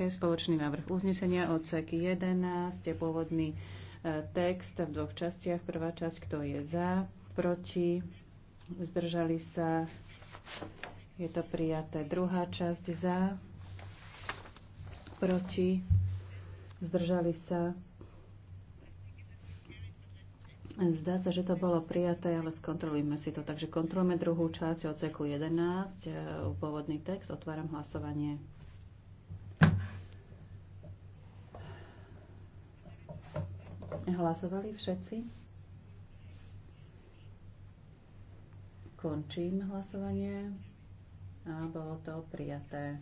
Je spoločný návrh uznesenia odsek 11, je pôvodný e, text v dvoch častiach. Prvá časť, kto je za, proti, zdržali sa, je to prijaté. Druhá časť za, proti, zdržali sa. Zdá sa, že to bolo prijaté, ale skontrolujme si to. Takže kontrolujeme druhú časť odseku 11, e, pôvodný text, otváram hlasovanie. Vlastne hlasovali všetci? Končím hlasovanie. A bolo to prijaté.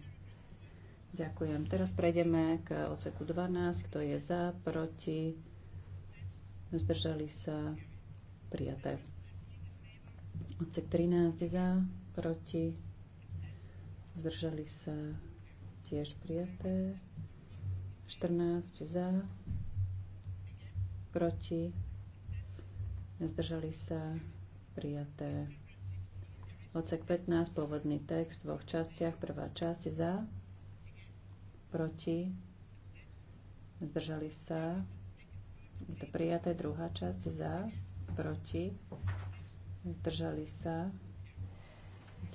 Ďakujem. Teraz prejdeme k odseku 12. Kto je za, proti? Zdržali sa? Prijaté. Odsek 13 za, proti? Zdržali sa? Tiež prijaté. 14 za, proti, zdržali sa, prijaté. Odsek 15, pôvodný text v dvoch častiach. Prvá časť za, proti, zdržali sa, je to prijaté. Druhá časť za, proti, zdržali sa,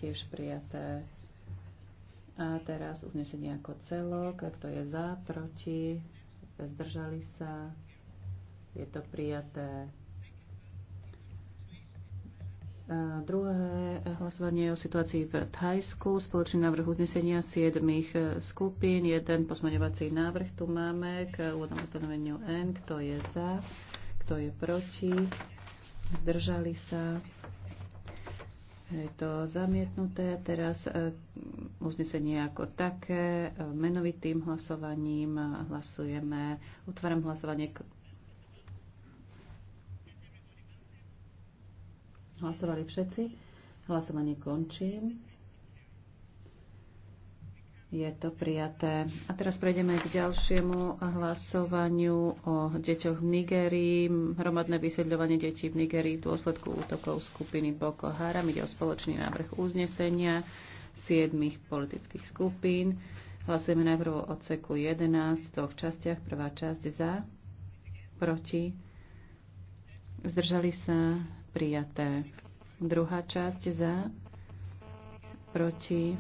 tiež prijaté. A teraz uznesenie ako celok, to je za, proti, zdržali sa, je to prijaté. A druhé hlasovanie je o situácii v Thajsku. Spoločný návrh uznesenia siedmých e, skupín. Jeden pozmeňovací návrh tu máme k úvodnom ustanoveniu N. Kto je za? Kto je proti? Zdržali sa? Je to zamietnuté. Teraz e, uznesenie ako také. E, menovitým hlasovaním hlasujeme. Utváram hlasovanie Hlasovali všetci. Hlasovanie končím. Je to prijaté. A teraz prejdeme k ďalšiemu hlasovaniu o deťoch v Nigerii. Hromadné vysvedľovanie detí v Nigerii v dôsledku útokov skupiny Boko Haram. Ide o spoločný návrh uznesenia siedmých politických skupín. Hlasujeme najprv o odseku 11 v dvoch častiach. Prvá časť za, proti, zdržali sa, prijaté. Druhá časť za, proti,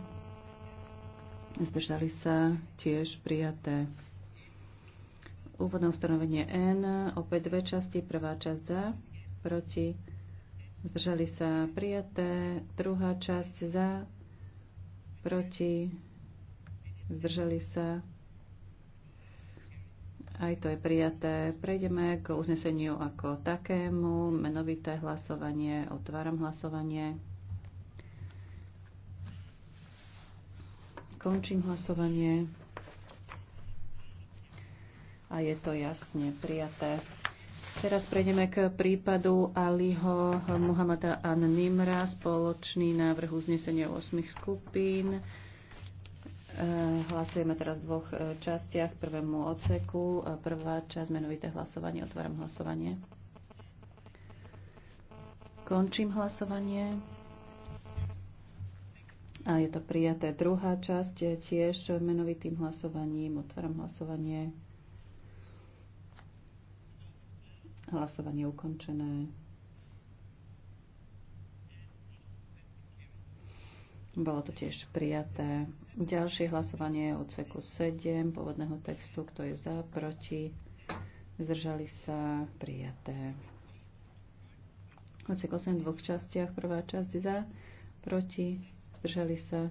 zdržali sa, tiež prijaté. Úvodné ustanovenie N, opäť dve časti, prvá časť za, proti, zdržali sa, prijaté, druhá časť za, proti, zdržali sa, aj to je prijaté. Prejdeme k uzneseniu ako takému. Menovité hlasovanie. Otváram hlasovanie. Končím hlasovanie. A je to jasne prijaté. Teraz prejdeme k prípadu Aliho Muhammada An Nimra, spoločný návrh uznesenia 8 skupín. Eh, hlasujeme teraz v dvoch eh, častiach. Prvému odseku. Eh, prvá časť, menovité hlasovanie. Otváram hlasovanie. Končím hlasovanie. A je to prijaté. Druhá časť tiež menovitým hlasovaním. Otváram hlasovanie. Hlasovanie ukončené. Bolo to tiež prijaté. Ďalšie hlasovanie je odseku 7 pôvodného textu. Kto je za, proti? Zdržali sa prijaté. Odsek 8 v dvoch častiach. Prvá časť za, proti? Zdržali sa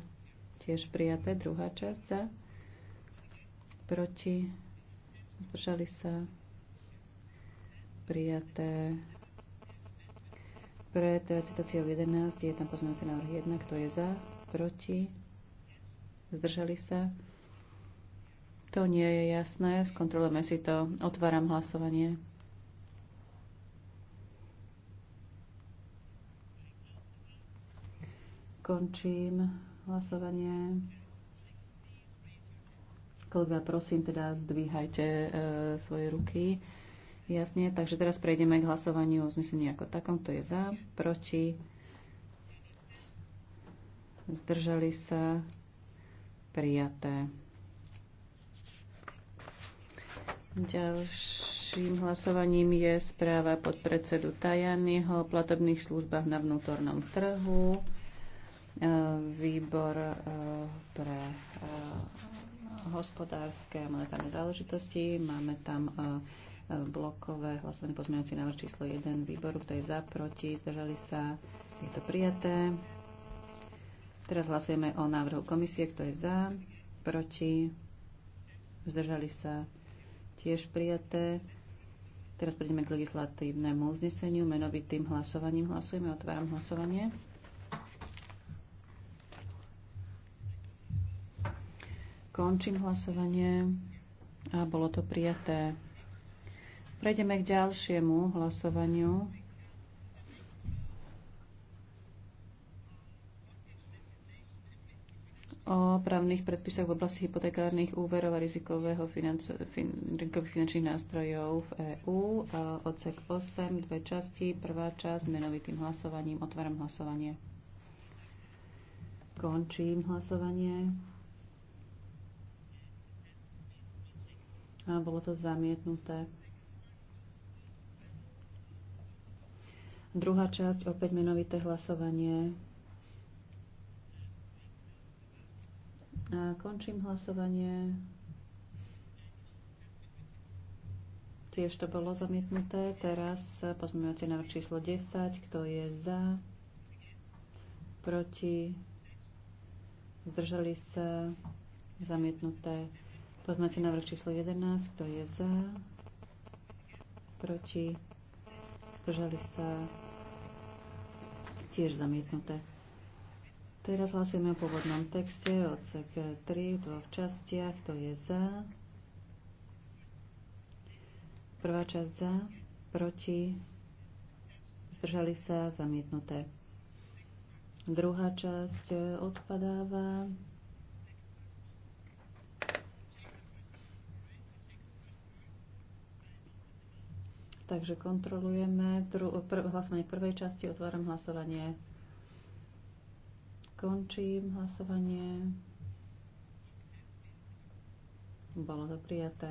tiež prijaté. Druhá časť za, proti? Zdržali sa prijaté. Pred citáciou 11 je tam pozmeňujúci návrh 1. Kto je za? Proti? Zdržali sa? To nie je jasné. Skontrolujeme si to. Otváram hlasovanie. Končím hlasovanie. Kolega, prosím, teda zdvíhajte e, svoje ruky. Jasne, takže teraz prejdeme k hlasovaniu o uznesení ako takom. Kto je za, proti, zdržali sa, prijaté. Ďalším hlasovaním je správa podpredsedu Tajanyho o platobných službách na vnútornom trhu. E, výbor e, pre e, hospodárske a monetárne záležitosti. Máme tam blokové hlasovanie pozmeňujúci návrh číslo 1 výboru, kto je za, proti, zdržali sa, je to prijaté. Teraz hlasujeme o návrhu komisie, kto je za, proti, zdržali sa, tiež prijaté. Teraz prejdeme k legislatívnemu uzneseniu. Menovitým hlasovaním hlasujeme. Otváram hlasovanie. Končím hlasovanie. A bolo to prijaté. Prejdeme k ďalšiemu hlasovaniu. o právnych predpisoch v oblasti hypotekárnych úverov a rizikového financo- fin- finančných nástrojov v EÚ. Odsek 8, dve časti. Prvá časť menovitým hlasovaním. Otváram hlasovanie. Končím hlasovanie. A bolo to zamietnuté. Druhá časť, opäť menovité hlasovanie. A končím hlasovanie. Tiež to bolo zamietnuté. Teraz pozmeňujúci návrh číslo 10. Kto je za? Proti? Zdržali sa? Zamietnuté. Pozmeňujúci návrh číslo 11. Kto je za? Proti? Zdržali sa? tiež zamietnuté. Teraz hlasujeme o pôvodnom texte, odsek 3 v dvoch častiach, to je za. Prvá časť za, proti, zdržali sa, zamietnuté. Druhá časť odpadáva. Takže kontrolujeme dru- prv- hlasovanie v prvej časti, otváram hlasovanie. Končím hlasovanie. Bolo to prijaté.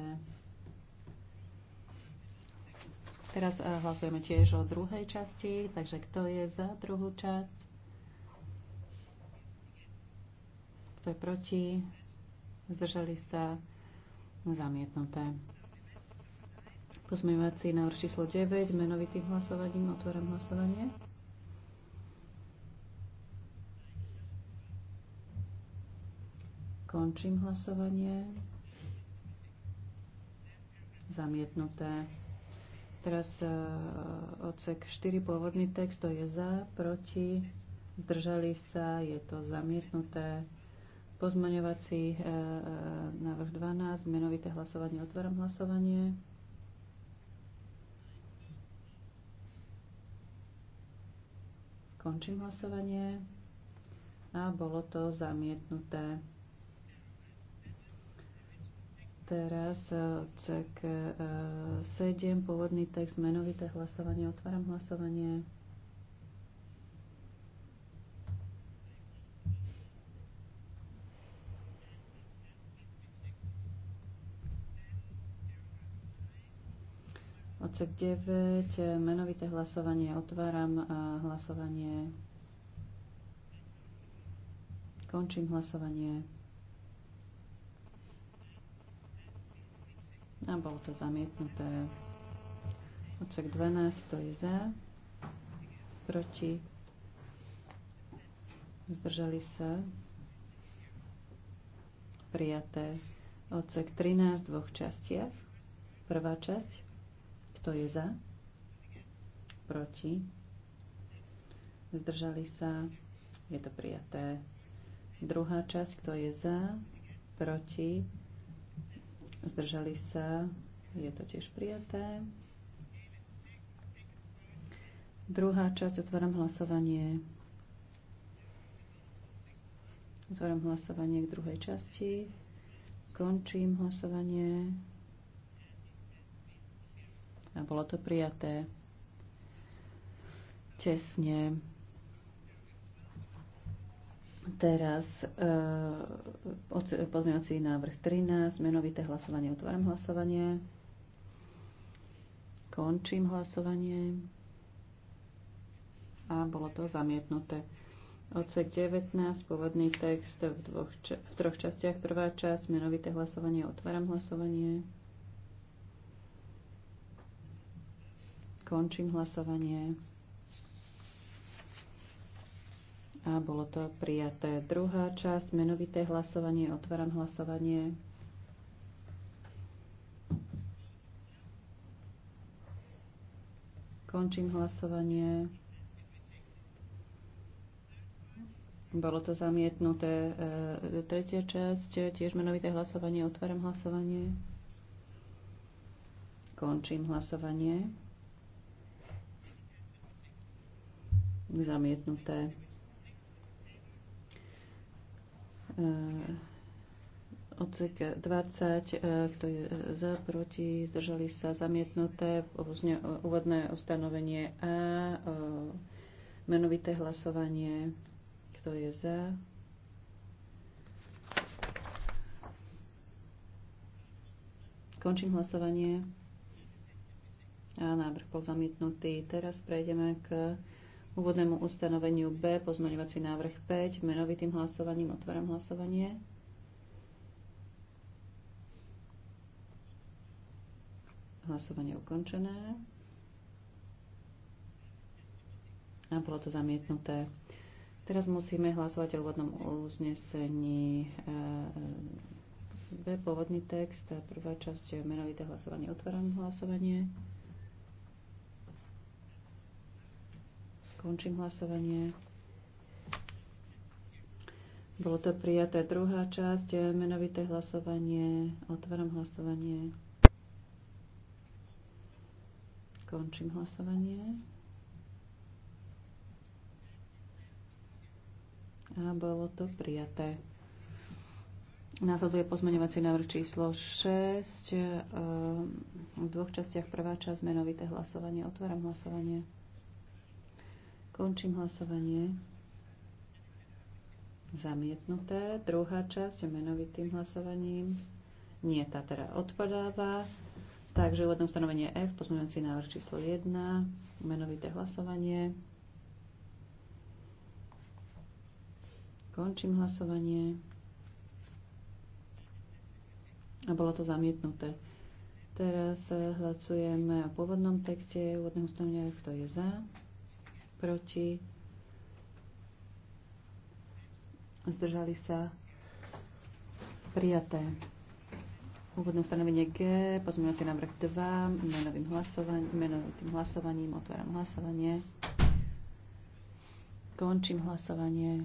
Teraz eh, hlasujeme tiež o druhej časti, takže kto je za druhú časť? Kto je proti? Zdržali sa? Zamietnuté pozmeňovací návrh číslo 9, menovitým hlasovaním. Otváram hlasovanie. Končím hlasovanie. Zamietnuté. Teraz e, odsek 4, pôvodný text, to je za, proti, zdržali sa, je to zamietnuté. Pozmaňovací e, e, návrh 12, menovité hlasovanie, otváram hlasovanie. Končím hlasovanie. A bolo to zamietnuté. Teraz odsek e, 7, e, pôvodný text, menovité hlasovanie. Otváram hlasovanie. Odsek 9, e, menovité hlasovanie. Otváram e, hlasovanie. Končím hlasovanie. A bolo to zamietnuté. Odsek 12, to je za. Proti. Zdržali sa. Prijaté. Odsek 13 v dvoch častiach. Prvá časť kto je za? Proti? Zdržali sa? Je to prijaté. Druhá časť, kto je za? Proti? Zdržali sa? Je to tiež prijaté. Druhá časť, otváram hlasovanie. Otváram hlasovanie k druhej časti. Končím hlasovanie. A bolo to prijaté tesne. Teraz eh, pozmeňovací návrh 13, menovité hlasovanie. Otváram hlasovanie. Končím hlasovanie. A bolo to zamietnuté. Odsek 19, pôvodný text v, dvoch, v troch častiach. Prvá časť, menovité hlasovanie. Otváram hlasovanie. Končím hlasovanie. A bolo to prijaté. Druhá časť, menovité hlasovanie. Otváram hlasovanie. Končím hlasovanie. Bolo to zamietnuté. E, tretia časť, tiež menovité hlasovanie. Otváram hlasovanie. Končím hlasovanie. zamietnuté. E, odsek 20, e, kto je za, proti, zdržali sa, zamietnuté, úvodné ustanovenie A, e, menovité hlasovanie, kto je za, Končím hlasovanie. A návrh bol zamietnutý. Teraz prejdeme k úvodnému ustanoveniu B, pozmeňovací návrh 5, menovitým hlasovaním otváram hlasovanie. Hlasovanie ukončené. A bolo to zamietnuté. Teraz musíme hlasovať o úvodnom uznesení eh, B, pôvodný text, prvá časť, menovité hlasovanie, otváram hlasovanie. Končím hlasovanie. Bolo to prijaté druhá časť, eh, menovité hlasovanie. Otváram hlasovanie. Končím hlasovanie. A bolo to prijaté. Následuje pozmeňovací návrh číslo 6. Eh, v dvoch častiach prvá časť menovité hlasovanie. Otváram hlasovanie. Končím hlasovanie. Zamietnuté. Druhá časť menovitým hlasovaním. Nie, tá teda odpadáva. Takže úvodné ustanovenie F, pozmeňujúci návrh číslo 1, menovité hlasovanie. Končím hlasovanie. A bolo to zamietnuté. Teraz eh, hlasujeme o pôvodnom texte úvodného ustanovenia, kto je za proti, zdržali sa prijaté. Úvodné ustanovenie G, pozmeňovací návrh 2, menovým hlasovaním, menovým hlasovaním, otváram hlasovanie. Končím hlasovanie.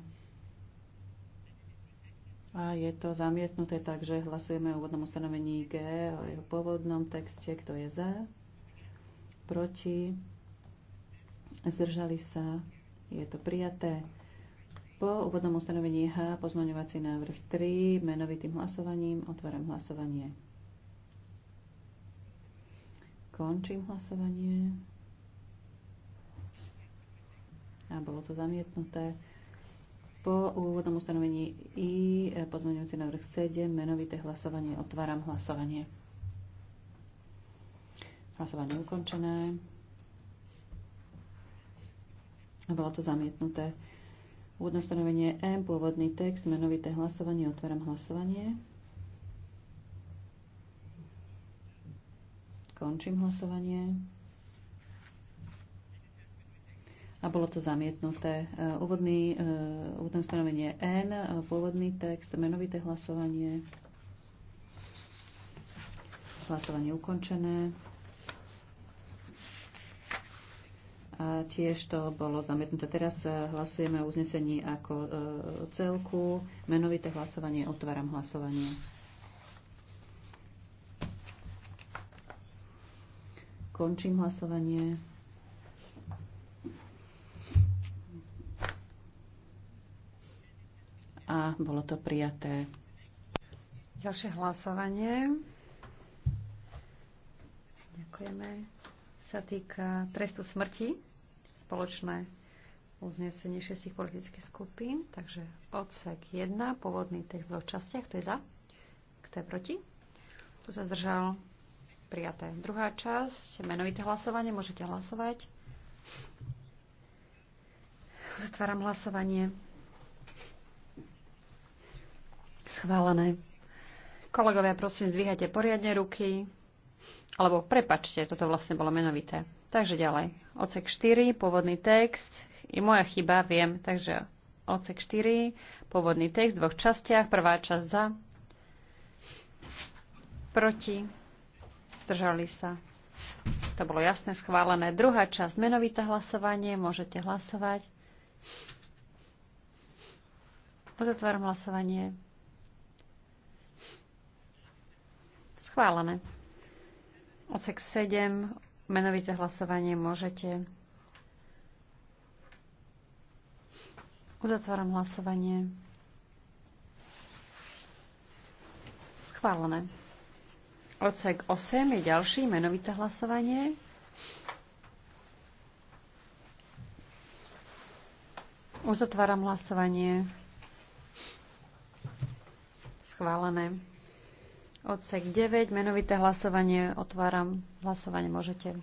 A je to zamietnuté, takže hlasujeme o úvodnom ustanovení G, o jeho pôvodnom texte, kto je za, proti, zdržali sa, je to prijaté. Po úvodnom ustanovení H pozmaňovací návrh 3 menovitým hlasovaním otváram hlasovanie. Končím hlasovanie. A bolo to zamietnuté. Po úvodnom ustanovení I pozmaňovací návrh 7 menovité hlasovanie otváram hlasovanie. Hlasovanie ukončené. Bolo to zamietnuté. Úvodné stanovenie M, pôvodný text, menovité hlasovanie, otváram hlasovanie. Končím hlasovanie. A bolo to zamietnuté. E, úvodný, e, úvodné stanovenie N, e, pôvodný text, menovité hlasovanie. Hlasovanie ukončené. A tiež to bolo zamietnuté. Teraz e, hlasujeme o uznesení ako e, celku. Menovité hlasovanie. Otváram hlasovanie. Končím hlasovanie. A bolo to prijaté. Ďalšie hlasovanie. Ďakujeme. Sa týka trestu smrti spoločné uznesenie šestich politických skupín. Takže odsek 1, pôvodný text v dvoch častiach. Kto je za? Kto je proti? Kto sa zdržal? Prijaté. Druhá časť, menovité hlasovanie. Môžete hlasovať. Zatváram hlasovanie. Schválené. Kolegovia, prosím, zdvíhajte poriadne ruky. Alebo prepačte, toto vlastne bolo menovité. Takže ďalej. Ocek 4, pôvodný text. Je moja chyba, viem. Takže ocek 4, pôvodný text v dvoch častiach. Prvá časť za. Proti. Zdržali sa. To bolo jasné, schválené. Druhá časť, menovité hlasovanie. Môžete hlasovať. Uzatváram hlasovanie. Schválené. Ocek 7, Menovité hlasovanie môžete. Uzatváram hlasovanie. Schválené. Odsek 8 je ďalší menovité hlasovanie. Uzatváram hlasovanie. Schválené. Odsek 9, menovité hlasovanie, otváram hlasovanie, môžete.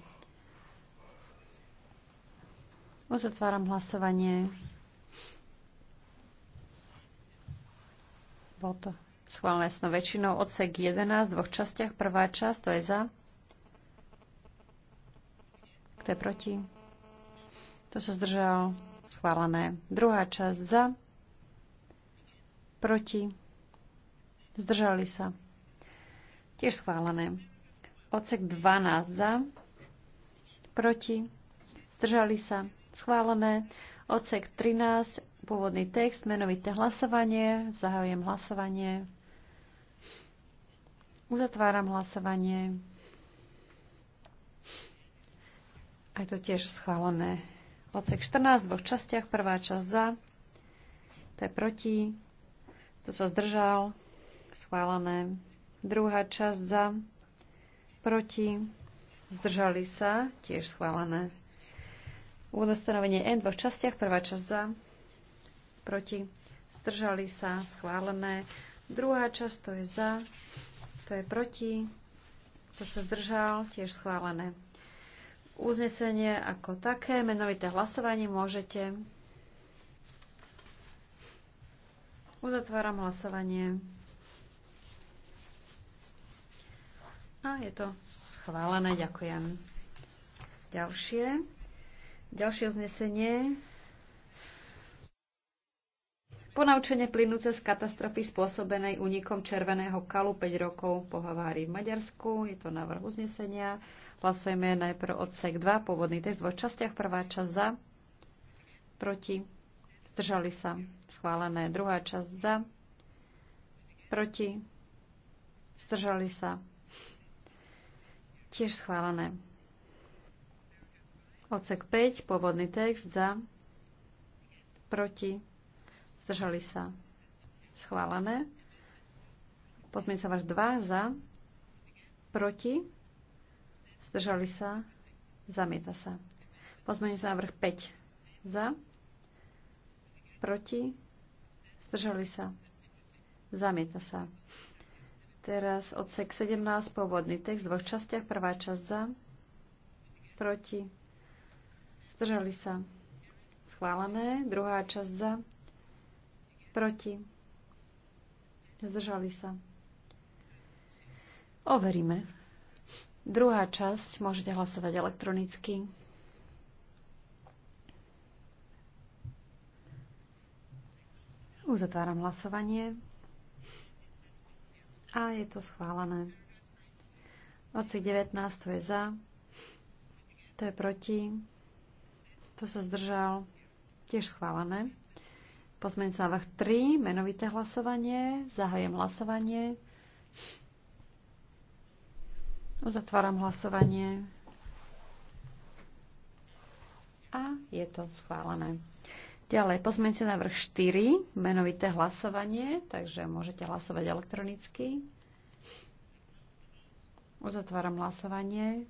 otváram hlasovanie. Bol to schválené jasnou väčšinou. Odsek 11 v dvoch častiach. Prvá časť, to je za. Kto je proti? To sa zdržal. Schválené. Druhá časť za. Proti. Zdržali sa. Tiež schválené. Odsek 12 za, proti, zdržali sa, schválené. Odsek 13, pôvodný text, menovité hlasovanie, zahajujem hlasovanie. Uzatváram hlasovanie. Aj to tiež schválené. Odsek 14 v dvoch častiach. Prvá časť za. To je proti. To sa zdržal. Schválené. Druhá časť za, proti, zdržali sa, tiež schválené. Úvodné stanovenie N v dvoch častiach. Prvá časť za, proti, zdržali sa, schválené. Druhá časť to je za, to je proti, to sa zdržal, tiež schválené. Uznesenie ako také, menovité hlasovanie môžete. Uzatváram hlasovanie. A je to schválené. Ďakujem. Ďalšie. Ďalšie uznesenie. Ponaučenie plynúce z katastrofy spôsobenej únikom červeného kalu 5 rokov po havárii v Maďarsku. Je to návrh uznesenia. Hlasujeme najprv odsek 2, pôvodný text v dvoch častiach. Prvá časť za, proti, zdržali sa, schválené. Druhá časť za, proti, zdržali sa, Tiež schválené. Odsek 5, pôvodný text za, proti, zdržali sa. Schválené. Pozmeňovač 2 za, proti, zdržali sa, zamieta sa. Pozmeňovač návrh 5 za, proti, zdržali sa, zamieta sa. Teraz odsek 17, pôvodný text v dvoch častiach. Prvá časť za, proti, zdržali sa. Schválené. Druhá časť za, proti, zdržali sa. Overíme. Druhá časť, môžete hlasovať elektronicky. Uzatváram hlasovanie. A je to schválené. Odsek 19 to je za. To je proti. To sa zdržal. Tiež schválené. Pozmeňujúci návrh 3, menovité hlasovanie. Zahajem hlasovanie. Uzatváram hlasovanie. A je to schválené. Ďalej, pozmeňte návrh 4, menovité hlasovanie, takže môžete hlasovať elektronicky. Uzatváram hlasovanie.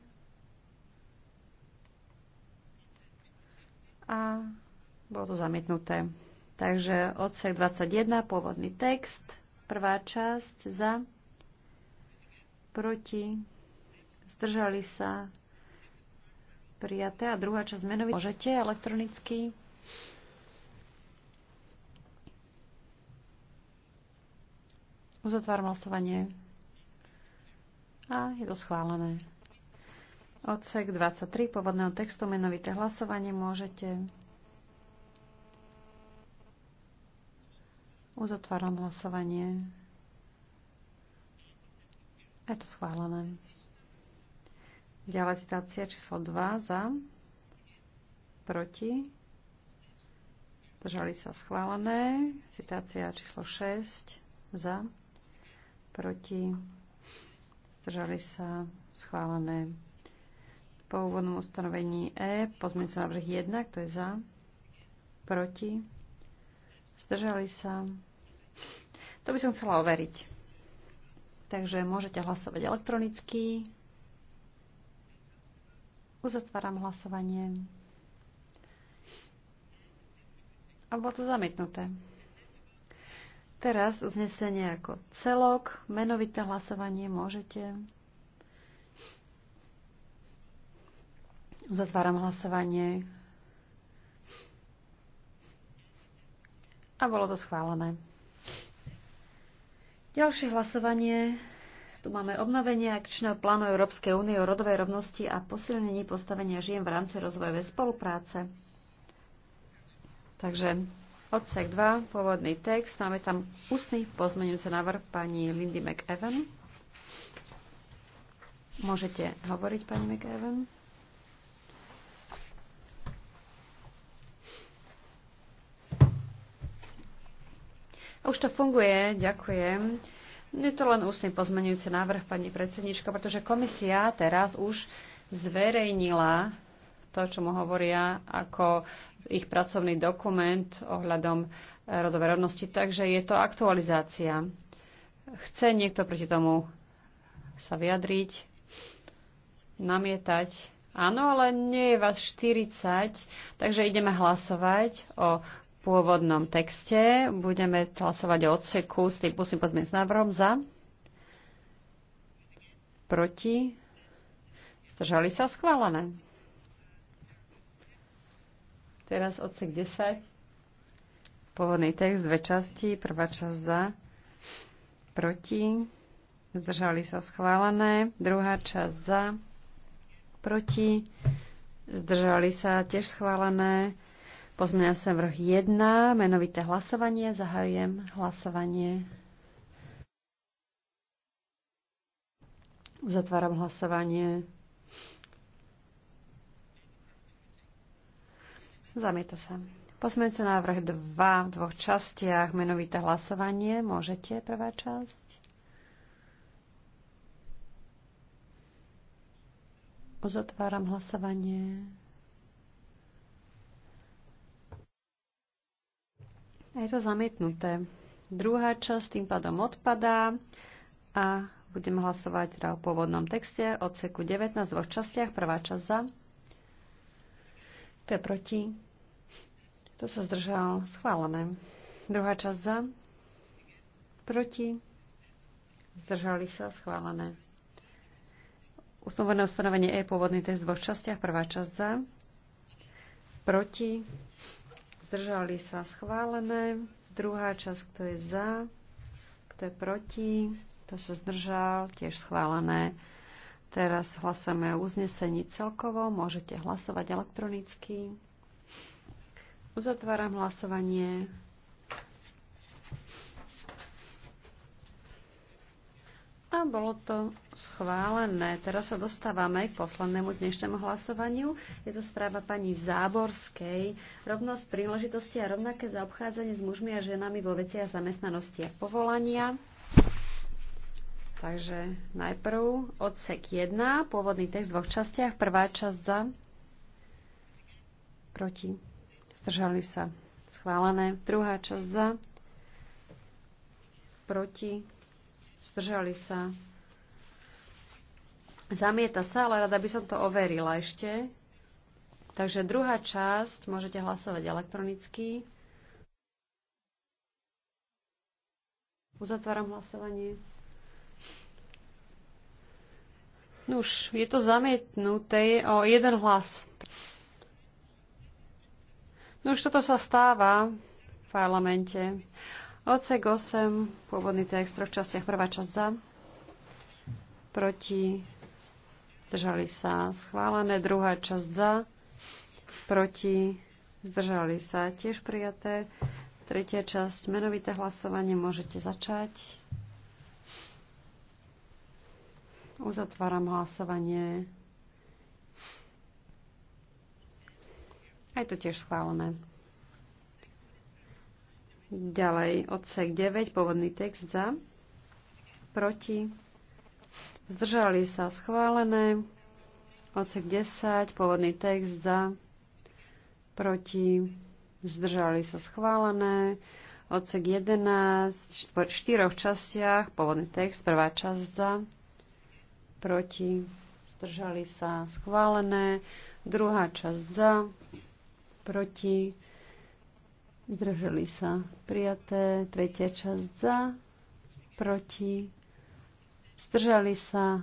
A bolo to zamietnuté. Takže odsek 21, pôvodný text, prvá časť za, proti, zdržali sa, prijaté a druhá časť menovite. Môžete elektronicky. Uzatváram hlasovanie. A je to schválené. Odsek 23 pôvodného textu menovité hlasovanie môžete. Uzatváram hlasovanie. A je to schválené. Ďalej citácia číslo 2 za, proti, držali sa schválené. Citácia číslo 6 za, proti, zdržali sa, schválené. Po úvodnom ustanovení E, pozmeň sa návrh 1, kto je za, proti, zdržali sa. To by som chcela overiť. Takže môžete hlasovať elektronicky. Uzatváram hlasovanie. A bolo to zamietnuté. Teraz uznesenie ako celok, menovité hlasovanie môžete. Zatváram hlasovanie. A bolo to schválené. Ďalšie hlasovanie. Tu máme obnovenie akčného plánu Európskej únie o rodovej rovnosti a posilnení postavenia žien v rámci rozvojovej spolupráce. Takže Odsek 2, pôvodný text, máme tam ústny pozmenujúci návrh pani Lindy McEwen. Môžete hovoriť, pani McEwen. Už to funguje, ďakujem. Je to len ústny pozmenujúci návrh, pani predsednička, pretože komisia teraz už zverejnila to, čo mu hovoria ako ich pracovný dokument ohľadom e, rodovej rovnosti. Takže je to aktualizácia. Chce niekto proti tomu sa vyjadriť, namietať? Áno, ale nie je vás 40, takže ideme hlasovať o pôvodnom texte. Budeme hlasovať o odseku s tým pustým pozmeňujúcim návrhom za. Proti. Zdržali sa schválené. Teraz odsek 10. Pôvodný text, dve časti. Prvá časť za, proti. Zdržali sa schválené. Druhá časť za, proti. Zdržali sa tiež schválené. Pozmenia sa vrch 1. Menovité hlasovanie. Zahajujem hlasovanie. Uzatváram hlasovanie. Zamieta sa. Pozmeňujúci návrh 2 v dvoch častiach, menovité hlasovanie. Môžete, prvá časť. Uzatváram hlasovanie. A je to zamietnuté. Druhá časť tým pádom odpadá a budeme hlasovať teda o pôvodnom texte odseku 19 v dvoch častiach. Prvá časť za. To je proti. Kto sa zdržal? Schválené. Druhá časť za. Proti. Zdržali sa. Schválené. Ustanovené ustanovenie E, pôvodný test v dvoch častiach. Prvá časť za. Proti. Zdržali sa. Schválené. Druhá časť, kto je za. Kto je proti. Kto sa zdržal. Tiež schválené. Teraz hlasujeme o uznesení celkovo. Môžete hlasovať elektronicky. Uzatváram hlasovanie. A bolo to schválené. Teraz sa dostávame k poslednému dnešnému hlasovaniu. Je to správa pani Záborskej. Rovnosť príležitosti a rovnaké zaobchádzanie s mužmi a ženami vo veciach zamestnanosti a povolania. Takže najprv odsek 1, pôvodný text v dvoch častiach. Prvá časť za, proti Zdržali sa. Schválené. Druhá časť za. Proti. Zdržali sa. Zamieta sa, ale rada by som to overila ešte. Takže druhá časť, môžete hlasovať elektronicky. Uzatváram hlasovanie. Nuž, no je to zamietnuté o jeden hlas. No už toto sa stáva v parlamente. Ocek 8, pôvodný text, v častiach, prvá časť za, proti, zdržali sa, schválené, druhá časť za, proti, zdržali sa, tiež prijaté, tretia časť, menovité hlasovanie, môžete začať. Uzatváram hlasovanie. A je to tiež schválené. Ďalej, odsek 9, pôvodný text za, proti, zdržali sa schválené. Odsek 10, pôvodný text za, proti, zdržali sa schválené. Odsek 11, v štyroch častiach, pôvodný text, prvá časť za, proti, zdržali sa schválené. Druhá časť za, proti, zdržali sa prijaté, tretia časť za, proti, zdržali sa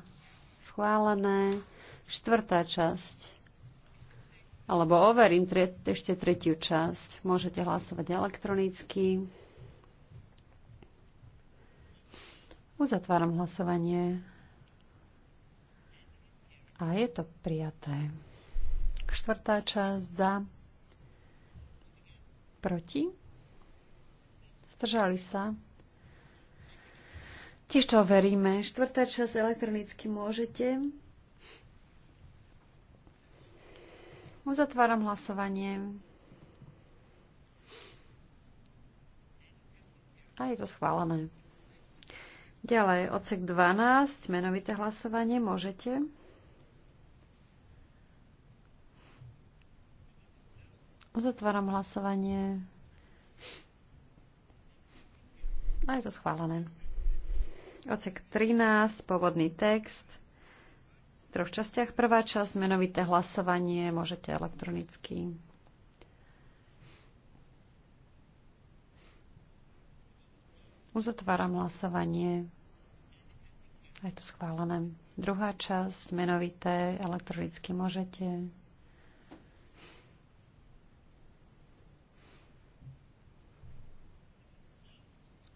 schválené, štvrtá časť. Alebo overím tre, ešte tretiu časť. Môžete hlasovať elektronicky. Uzatváram hlasovanie. A je to prijaté. Štvrtá časť za Proti? Zdržali sa? Tiež to overíme. Štvrtá časť elektronicky môžete. Uzatváram hlasovanie. A je to schválené. Ďalej, odsek 12, menovité hlasovanie, môžete. Uzatváram hlasovanie. A je to schválené. Ocek 13, pôvodný text. V troch častiach. Prvá časť, menovité hlasovanie, môžete elektronicky. Uzatváram hlasovanie. A je to schválené. Druhá časť, menovité, elektronicky môžete.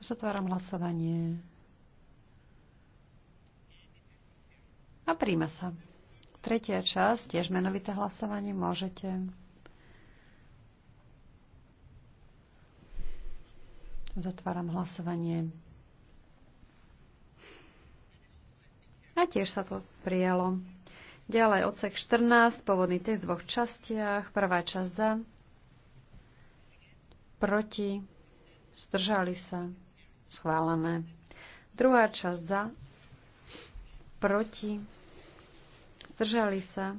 Zatváram hlasovanie. A príjme sa. Tretia časť, tiež menovité hlasovanie, môžete. Zatváram hlasovanie. A tiež sa to prijalo. Ďalej odsek 14, pôvodný text v dvoch častiach. Prvá časť za, proti, zdržali sa, Schválené. Druhá časť za. Proti. Zdržali sa.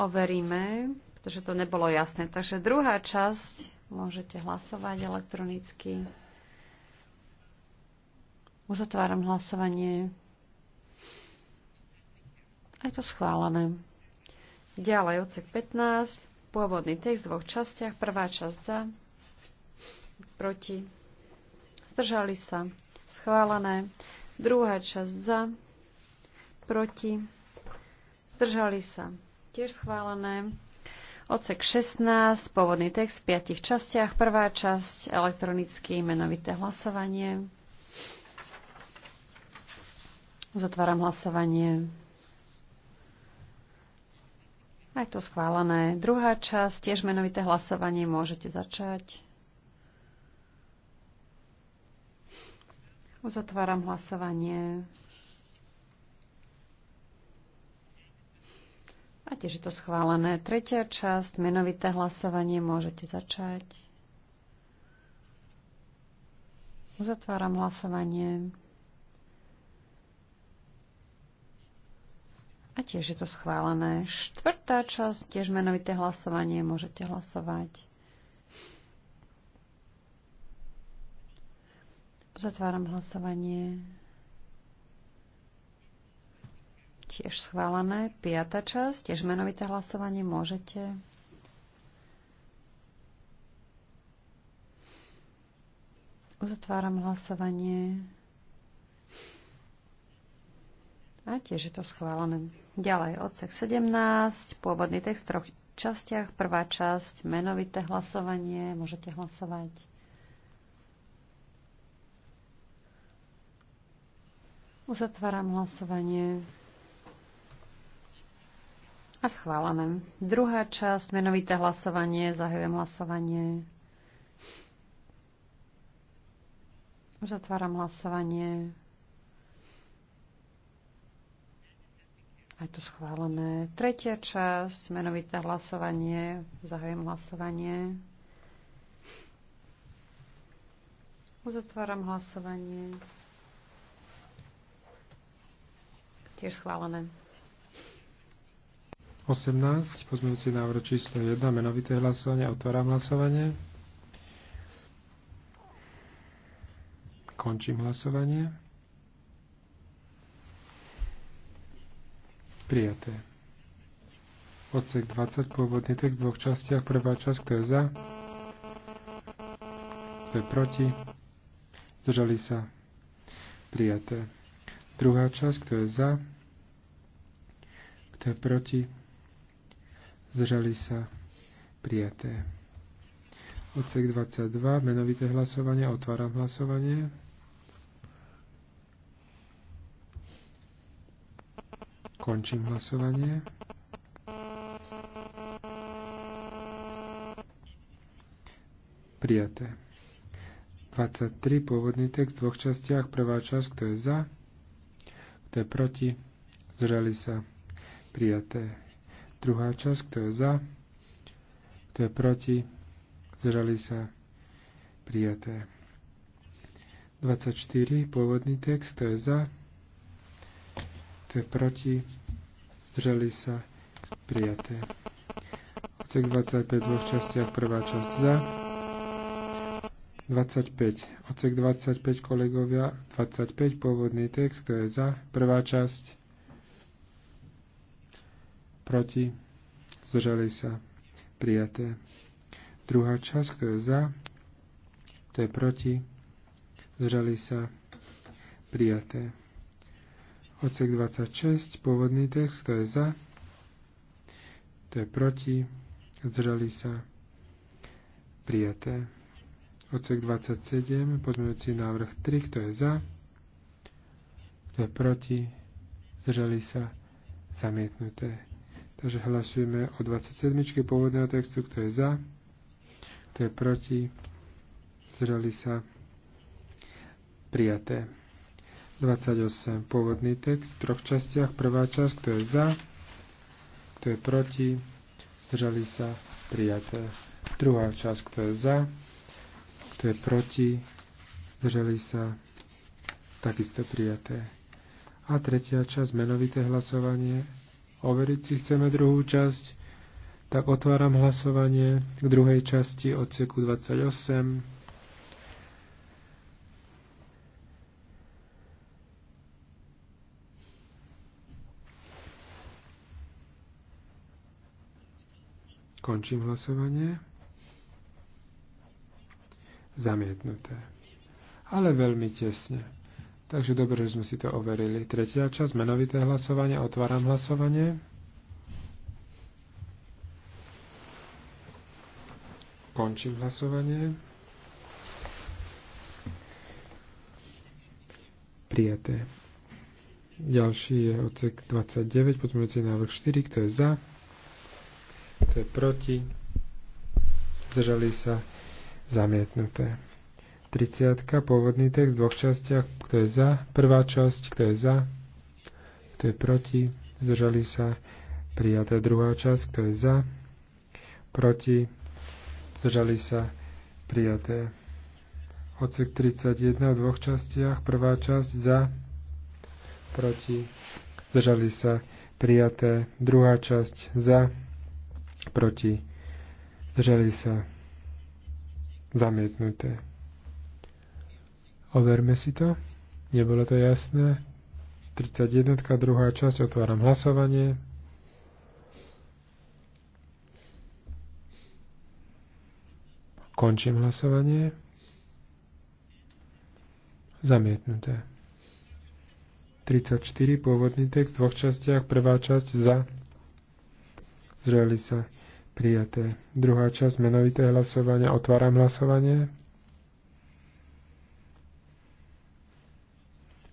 Overíme, pretože to nebolo jasné. Takže druhá časť. Môžete hlasovať elektronicky. Uzatváram hlasovanie. A je to schválené. Ďalej, odsek 15, pôvodný text v dvoch častiach. Prvá časť za, proti, Zdržali sa. Schválené. Druhá časť za. Proti. Zdržali sa. Tiež schválené. Odsek 16, pôvodný text v piatich častiach. Prvá časť, elektronicky menovité hlasovanie. Zatváram hlasovanie. A je to schválené. Druhá časť, tiež menovité hlasovanie, môžete začať. Uzatváram hlasovanie. A tiež je to schválené. Tretia časť, menovité hlasovanie, môžete začať. Uzatváram hlasovanie. A tiež je to schválené. Štvrtá časť, tiež menovité hlasovanie, môžete hlasovať. Zatváram hlasovanie. Tiež schválené. Piata časť, tiež menovité hlasovanie. Môžete. Uzatváram hlasovanie. A tiež je to schválené. Ďalej, odsek 17, pôvodný text v troch častiach. Prvá časť, menovité hlasovanie. Môžete hlasovať. Uzatváram hlasovanie. A schválame. Druhá časť, menovité hlasovanie, zahajujem hlasovanie. Uzatváram hlasovanie. A je to schválené. Tretia časť, menovité hlasovanie, zahajujem hlasovanie. Uzatváram hlasovanie. Tiež schválené. 18, pozmeňujúci návrh číslo 1, menovité hlasovanie, otváram hlasovanie. Končím hlasovanie. Prijaté. Odsek 20, pôvodný text v dvoch častiach. Prvá časť, kto je za, kto je proti, zdržali sa. Prijaté. Druhá časť, kto je za, kto je proti, zdržali sa prijaté. Odsek 22, menovité hlasovanie, otváram hlasovanie. Končím hlasovanie. Prijaté. 23, pôvodný text v dvoch častiach, prvá časť, kto je za, kto je proti, zdržali sa, prijaté. Druhá časť, kto je za, kto je proti, zdržali sa, prijaté. 24, pôvodný text, kto je za, kto je proti, zdržali sa, prijaté. Odsek 25 v dvoch častiach, prvá časť za, 25. Ocek 25, kolegovia. 25, pôvodný text, to je za. Prvá časť. Proti. Zdržali sa. Prijaté. Druhá časť, kto je za. Kto je proti. Zdržali sa. Prijaté. Ocek 26, pôvodný text, kto je za. Kto je proti. Zdržali sa. Prijaté. Odsek 27, pozmeňujúci návrh 3, kto je za, kto je proti, zdržali sa, zamietnuté. Takže hlasujeme o 27. pôvodného textu, kto je za, kto je proti, zdržali sa, prijaté. 28. Pôvodný text v troch častiach. Prvá časť, kto je za, kto je proti, zdržali sa, prijaté. Druhá časť, kto je za, to je proti, zdržali sa, takisto prijaté. A tretia časť, menovité hlasovanie. Overiť si chceme druhú časť, tak otváram hlasovanie k druhej časti odseku 28. Končím hlasovanie zamietnuté. Ale veľmi tesne. Takže dobre, že sme si to overili. Tretia časť, menovité hlasovanie. Otváram hlasovanie. Končím hlasovanie. Prijaté. Ďalší je odsek 29, pozmeňujúci návrh 4, kto je za, kto je proti, zdržali sa zamietnuté. 30. Pôvodný text v dvoch častiach. Kto je za? Prvá časť. Kto je za? Kto je proti? Zdržali sa. prijatá. druhá časť. Kto je za? Proti? Zdržali sa. Prijaté. Odsek 31 v dvoch častiach. Prvá časť za. Proti? Zdržali sa. Prijaté. Druhá časť za. Proti? Zdržali sa Zamietnuté. Overme si to. Nebolo to jasné. 31. druhá časť. Otváram hlasovanie. Končím hlasovanie. Zamietnuté. 34. Pôvodný text v dvoch častiach. Prvá časť za. Zreli sa Prijaté. Druhá časť, menovité hlasovania Otváram hlasovanie.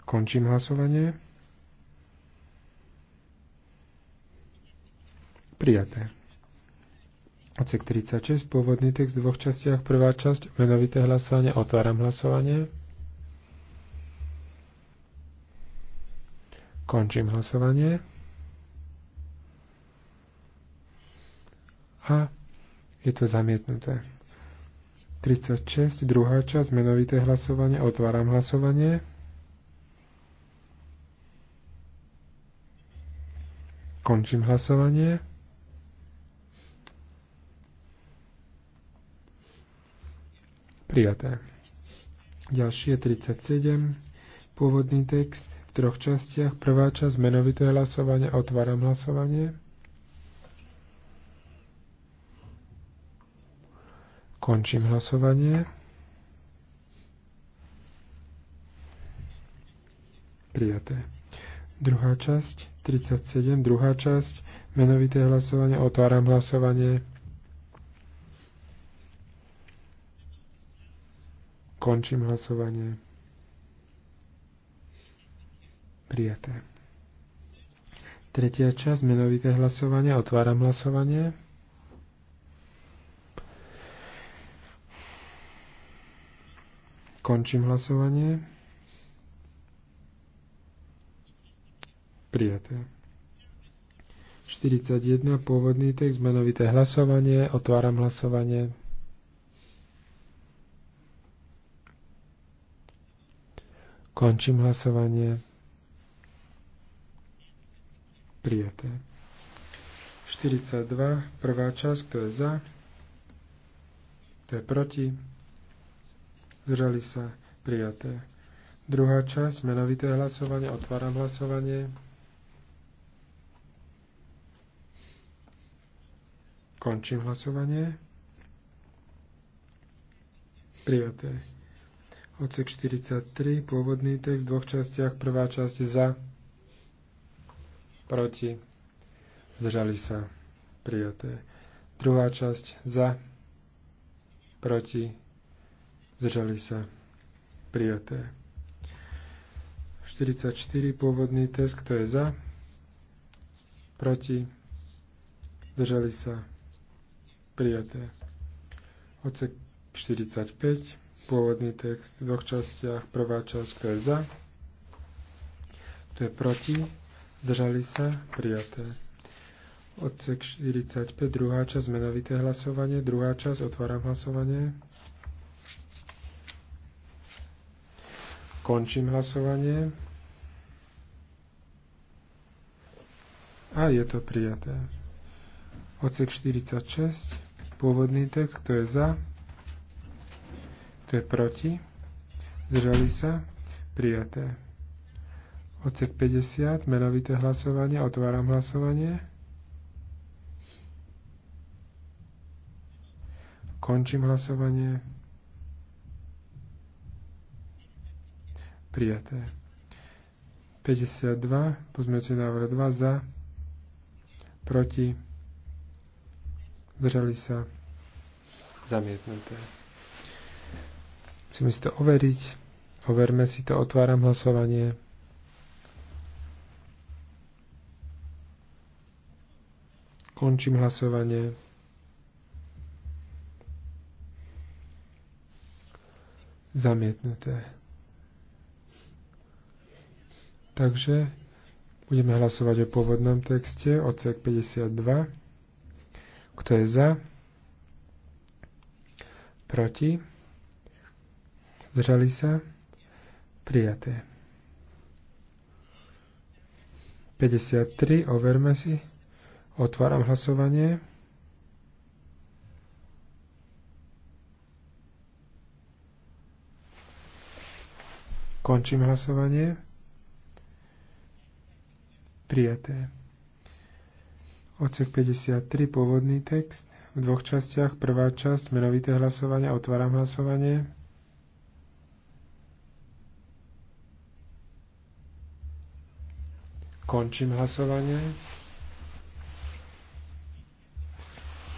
Končím hlasovanie. Prijaté. Odsek 36, pôvodný text v dvoch častiach. Prvá časť, menovité hlasovanie. Otváram hlasovanie. Končím hlasovanie. a je to zamietnuté. 36, druhá časť, menovité hlasovanie, otváram hlasovanie. Končím hlasovanie. Prijaté. Ďalšie 37, pôvodný text v troch častiach. Prvá časť, menovité hlasovanie, otváram hlasovanie. Končím hlasovanie. Prijaté. Druhá časť, 37, druhá časť, menovité hlasovanie, otváram hlasovanie. Končím hlasovanie. Prijaté. Tretia časť, menovité hlasovanie, otváram hlasovanie. Končím hlasovanie. Prijaté. 41, pôvodný text, menovité hlasovanie. Otváram hlasovanie. Končím hlasovanie. Prijaté. 42, prvá časť, kto je za, kto je proti. Zdržali sa prijaté. Druhá časť, menovité hlasovanie. Otváram hlasovanie. Končím hlasovanie. Prijaté. Odsek 43, pôvodný text v dvoch častiach. Prvá časť za, proti, zdržali sa. Prijaté. Druhá časť za, proti, zdržali sa prijaté. 44 pôvodný test, kto je za, proti, zdržali sa prijaté. Odsek 45, pôvodný text v dvoch častiach, prvá časť, kto je za, kto je proti, zdržali sa prijaté. Odsek 45, druhá časť, menovité hlasovanie, druhá časť, otváram hlasovanie. Končím hlasovanie. A je to prijaté. Odsek 46, pôvodný text, kto je za, kto je proti, zdržali sa, prijaté. Odsek 50, menovité hlasovanie, otváram hlasovanie. Končím hlasovanie. prijaté. 52, pozmeňujúci návrh 2 za, proti, zdržali sa, zamietnuté. Musíme si to overiť, overme si to, otváram hlasovanie. Končím hlasovanie. Zamietnuté. Takže budeme hlasovať o pôvodnom texte, odsek 52. Kto je za? Proti? Zdržali sa? Prijaté. 53, overme si. Otváram hlasovanie. Končím hlasovanie prijaté. Odsek 53, pôvodný text, v dvoch častiach. Prvá časť, menovité hlasovanie, otváram hlasovanie. Končím hlasovanie.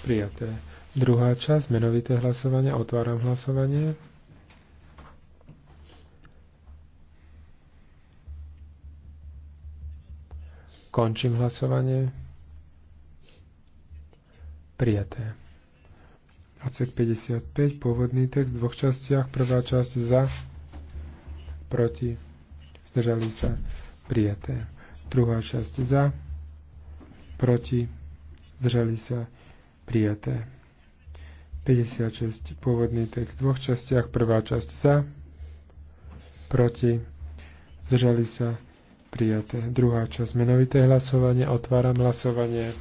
Prijaté. Druhá časť, menovité hlasovanie, otváram hlasovanie. Končím hlasovanie. Prijaté. 55, pôvodný text v dvoch častiach. Prvá časť za, proti, zdržali sa, prijaté. Druhá časť za, proti, zdržali sa, prijaté. 56, pôvodný text v dvoch častiach. Prvá časť za, proti, zdržali sa, prijaté Prijaté. Druhá časť. Menovité hlasovanie. Otváram hlasovanie.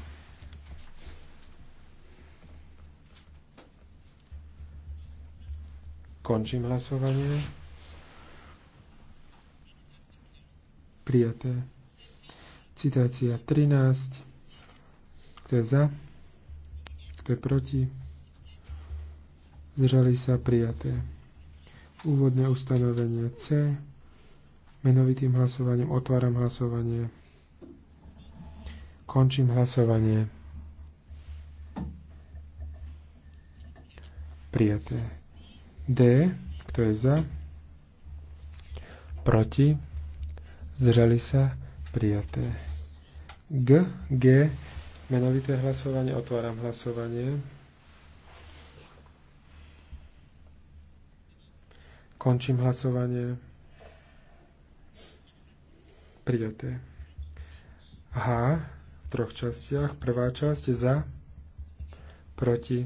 Končím hlasovanie. Prijaté. Citácia 13. Kto je za? Kto je proti? Zdržali sa prijaté. Úvodné ustanovenie C menovitým hlasovaním. Otváram hlasovanie. Končím hlasovanie. Prijaté. D. Kto je za? Proti. Zdržali sa. Prijaté. G. G. Menovité hlasovanie. Otváram hlasovanie. Končím hlasovanie prijaté. H v troch častiach. Prvá časť za, proti,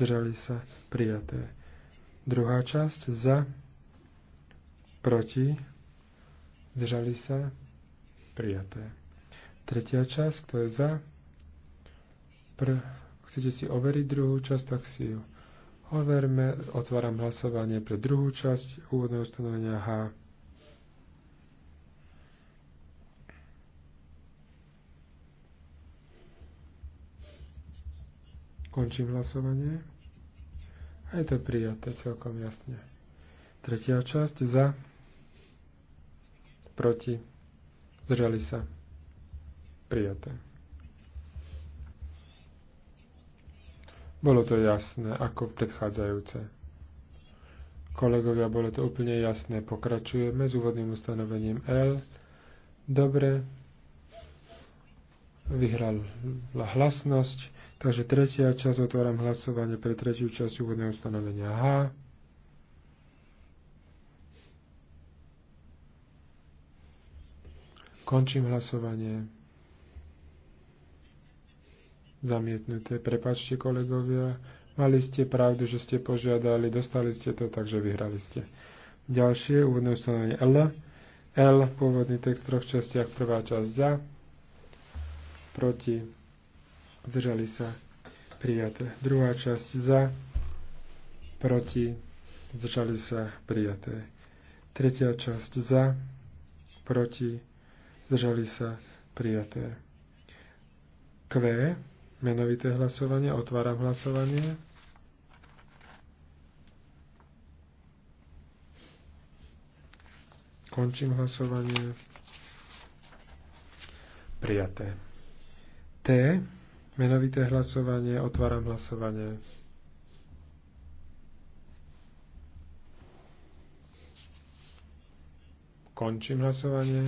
zreli sa, prijaté. Druhá časť za, proti, zreli sa, prijaté. Tretia časť, kto je za, pr- chcete si overiť druhú časť, tak si ju overme. Otváram hlasovanie pre druhú časť úvodného ustanovenia H. Končím hlasovanie. A je to prijaté celkom jasne. Tretia časť za, proti, zdržali sa, prijaté. Bolo to jasné, ako predchádzajúce. Kolegovia, bolo to úplne jasné. Pokračujeme s úvodným ustanovením L. Dobre, vyhrala hlasnosť Takže tretia časť, otváram hlasovanie pre tretiu časť úvodného ustanovenia H. Končím hlasovanie. Zamietnuté. Prepačte, kolegovia. Mali ste pravdu, že ste požiadali, dostali ste to, takže vyhrali ste. Ďalšie úvodné ustanovenie L. L, pôvodný text v troch častiach, prvá časť za, proti, zdržali sa prijaté. Druhá časť za, proti, zdržali sa prijaté. Tretia časť za, proti, zdržali sa prijaté. Q, menovité hlasovanie, otváram hlasovanie. Končím hlasovanie. Prijaté. T, Menovité hlasovanie, otváram hlasovanie. Končím hlasovanie.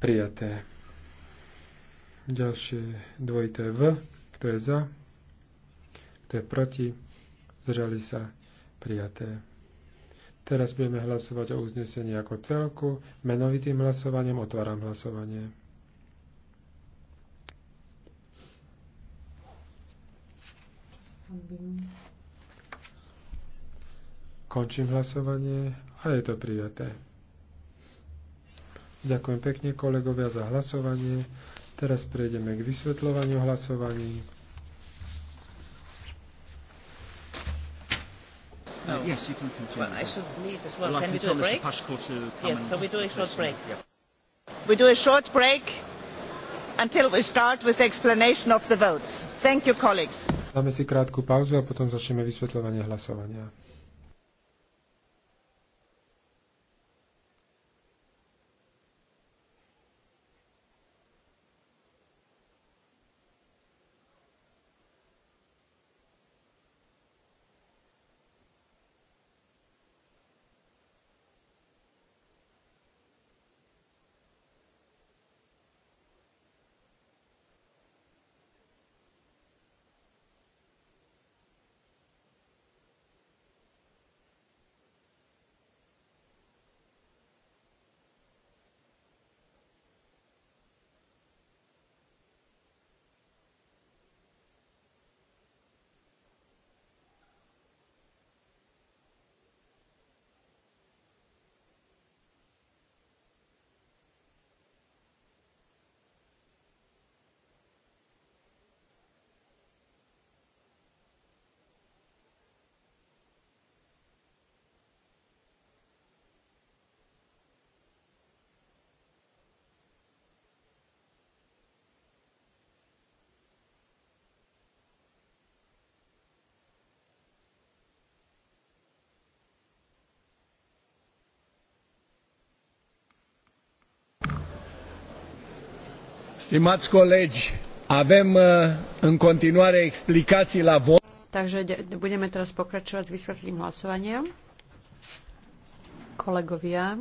Prijaté. Ďalšie dvojité V. Kto je za? Kto je proti? Zdržali sa. Prijaté. Teraz budeme hlasovať o uznesení ako celku. Menovitým hlasovaním otváram hlasovanie. Končím hlasovanie a je to prijaté. Ďakujem pekne kolegovia za hlasovanie. Teraz prejdeme k vysvetľovaniu hlasovaní. we do a short break. until we start with explanation of the votes. Thank you, colleagues. Dáme si krátku pauzu a potom začneme vysvetľovanie hlasovania. Stimați colegi, avem uh, în continuare explicații la vot. Takže budeme teraz pokračovať s vysvetlením hlasovania. Kolegovia,